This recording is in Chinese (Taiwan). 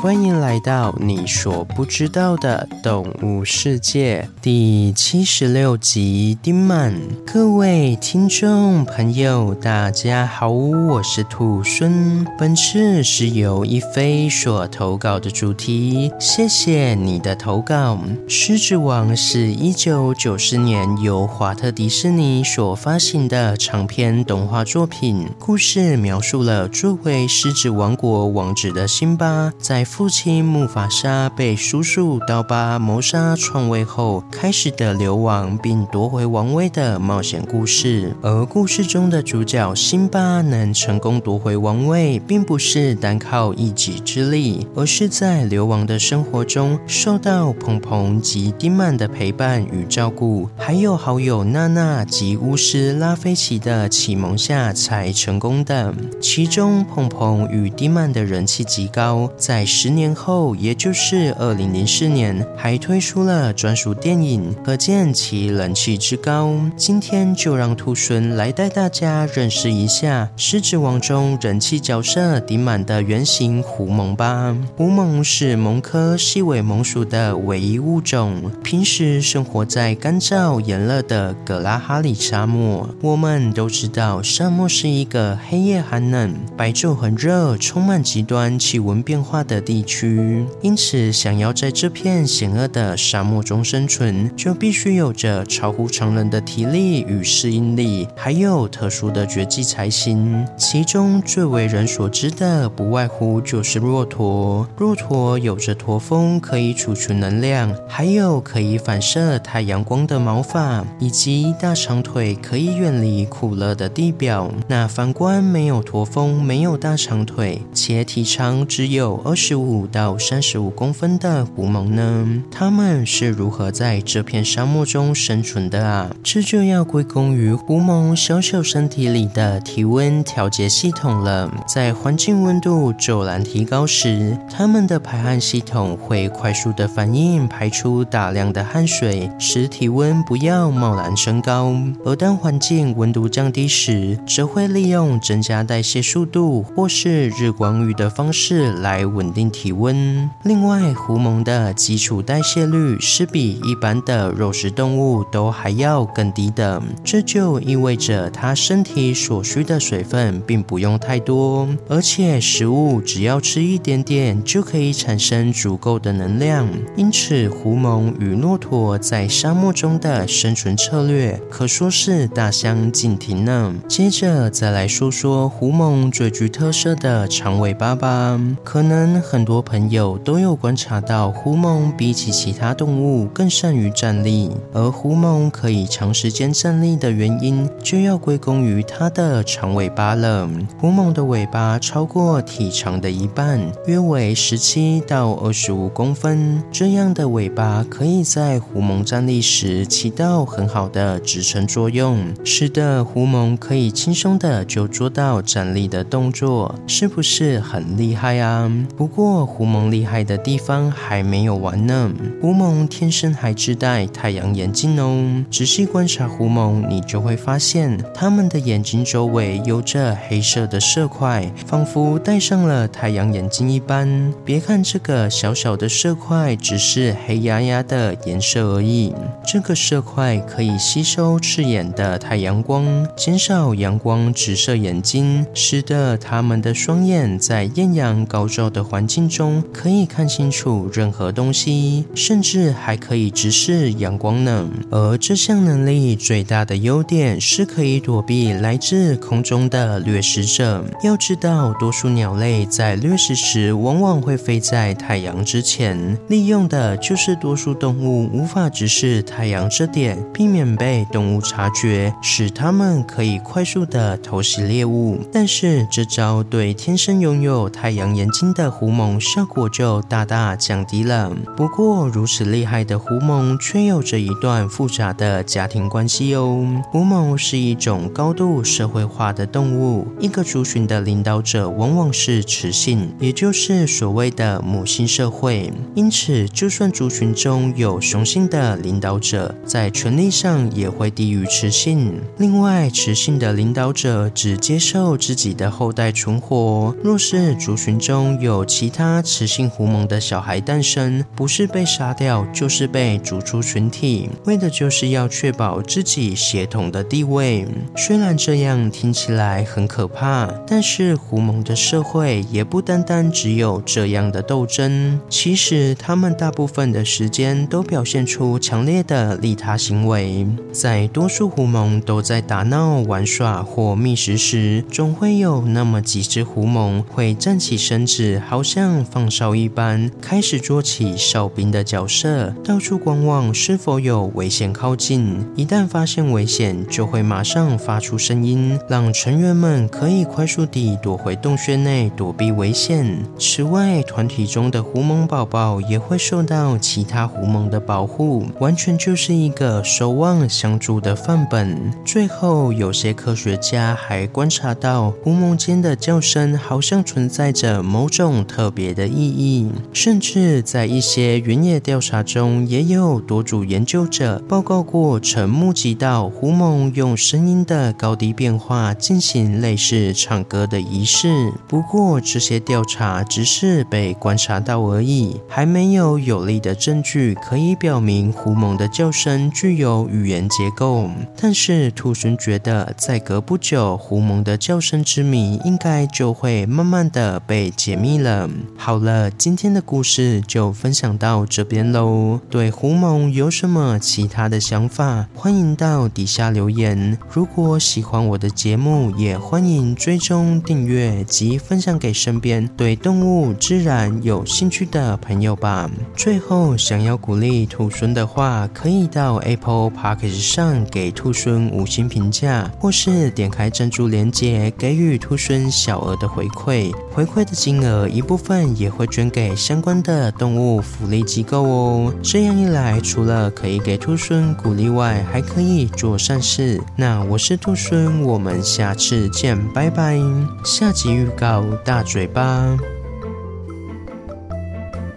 歡迎來到你所不知道的動物世界第七十六集。丁滿，各位聽眾朋友，大家好，我是兔猻。本次是由一菲所投稿的主題，謝謝你的投稿。《獅子王》是一九九四年由華特迪士尼所發行的長篇動畫作品，故事描述了作為獅子王國王子的辛巴在父親木法沙被叔叔刀疤謀殺篡位後，開始的流亡並奪回王位的冒險故事。而故事中的主角辛巴能成功奪回王位，並不是單靠一己之力，而是在流亡的生活中受到彭彭及丁滿的陪伴與照顧，還有好友娜娜及巫師拉菲奇的啟蒙下才成功的。其中，彭彭與丁滿的人氣極高，在。十年後，也就是二零零四年，還推出了專屬電影，可見其人氣之高。今天就讓兔猻來帶大家認識一下《獅子王》中人氣角色丁滿的原型——狐獴吧。狐獴是獴科細尾獴屬的唯一物種，平時生活在乾燥炎熱的格拉哈里沙漠。我們都知道，沙漠是一個黑夜寒冷、白晝很熱、充滿極端氣溫變化的地區，因此想要在這片險惡的沙漠中生存，就必須有着超乎常人的體力與適應力，還有特殊的絕技才行。其中最為人所知的，不外乎就是駱駝。駱駝有着駝峰可以儲存能量，還有可以反射太陽光的毛髮，以及大長腿可以遠離酷熱的地表。那反觀沒有駝峰、沒有大長腿，且體長只有二十五到三十五公分的狐獴呢？它們是如何在這片沙漠中生存的啊？這就要歸功於狐獴小小身體裡的體溫調節系統了。在環境溫度驟然提高時，它們的排汗系統會快速的反應，排出大量的汗水，使體溫不要貿然升高；而當環境溫度降低時，則會利用增加代謝速度或是日光浴的方式來穩定。體溫。另外，狐獴的基礎代謝率是比一般的肉食動物都還要更低的，這就意味着它身體所需的水分並不用太多，而且食物只要吃一點點就可以產生足夠的能量。因此，狐獴與駱駝在沙漠中的生存策略可說是大相徑庭呢。接着，再來說說狐獴最具特色的長尾巴吧，可能很。很多朋友都有觀察到，狐獴比起其他動物更善於站立，而狐獴可以長時間站立的原因，就要歸功於它的長尾巴了。狐獴的尾巴超過體長的一半，約為十七到二十五公分，這樣的尾巴可以在狐獴站立時起到很好的支撐作用，使得狐獴可以輕鬆的就做到站立的動作，是不是很厲害啊？不過，狐獴厲害的地方還沒有完呢。狐獴天生還自帶太陽眼鏡哦。仔細觀察狐獴，你就會發現它們的眼睛周圍有着黑色的色塊，仿佛戴上了太陽眼鏡一般。別看這個小小的色塊只是黑壓壓的顏色而已，這個色塊可以吸收刺眼的太陽光，減少陽光直射眼睛，使得它們的雙眼在豔陽高照的環。鏡中可以看清楚任何東西，甚至還可以直視陽光呢。而這項能力最大的優點是可以躲避來自空中的掠食者。要知道，多數鳥類在掠食時往往會飛在太陽之前，利用的就是多數動物無法直視太陽這點，避免被動物察覺，使它們可以快速的偷襲獵物。但是，這招對天生擁有太陽眼睛的狐獴。獴效果就大大降低了。不過，如此厲害的狐獴卻有着一段複雜的家庭關係哦。狐獴是一種高度社會化的動物，一個族群的領導者往往是雌性，也就是所謂的母性社會。因此，就算族群中有雄性的領導者，在權力上也會低於雌性。另外，雌性的領導者只接受自己的後代存活。若是族群中有其其他雌性狐獴的小孩誕生，不是被殺掉，就是被逐出群體，為的就是要確保自己血統的地位。雖然這樣聽起來很可怕，但是狐獴的社會也不單單只有這樣的鬥爭。其實，他們大部分的時間都表現出強烈的利他行為。在多數狐獴都在打鬧、玩耍或覓食時，總會有那麼幾隻狐獴會站起身子，好想像放哨一般，開始做起哨兵的角色，到處觀望是否有危險靠近。一旦發現危險，就會馬上發出聲音，讓成員們可以快速地躲回洞穴內躲避危險。此外，團體中的狐獴寶寶也會受到其他狐獴的保護，完全就是一個守望相助的範本。最後，有些科學家還觀察到狐獴間的叫聲好像存在着某種特特別的意義，甚至在一些原野調查中，也有多組研究者報告過曾目擊到狐獴用聲音的高低變化進行類似唱歌的儀式。不過，這些調查只是被觀察到而已，還沒有有力的證據可以表明狐獴的叫聲具有語言結構。但是，兔猻覺得，再隔不久，狐獴的叫聲之謎應該就會慢慢的被解密了。好了，今天的故事就分享到這邊嘍。對狐獴有什麼其他的想法，歡迎到底下留言。如果喜歡我的節目，也歡迎追蹤訂閱及分享給身邊對動物、自然有興趣的朋友吧。最後，想要鼓勵兔猻的話，可以到 Apple Podcast 上給兔猻五星評價，或是點開贊助鏈接，給予兔猻小額的回饋。回饋的金額一部分，也會捐給相關的動物福利機構哦。這樣一來，除了可以給兔猻鼓勵外，還可以做善事。那我是兔猻，我們下次見，拜拜。下集預告：大嘴巴。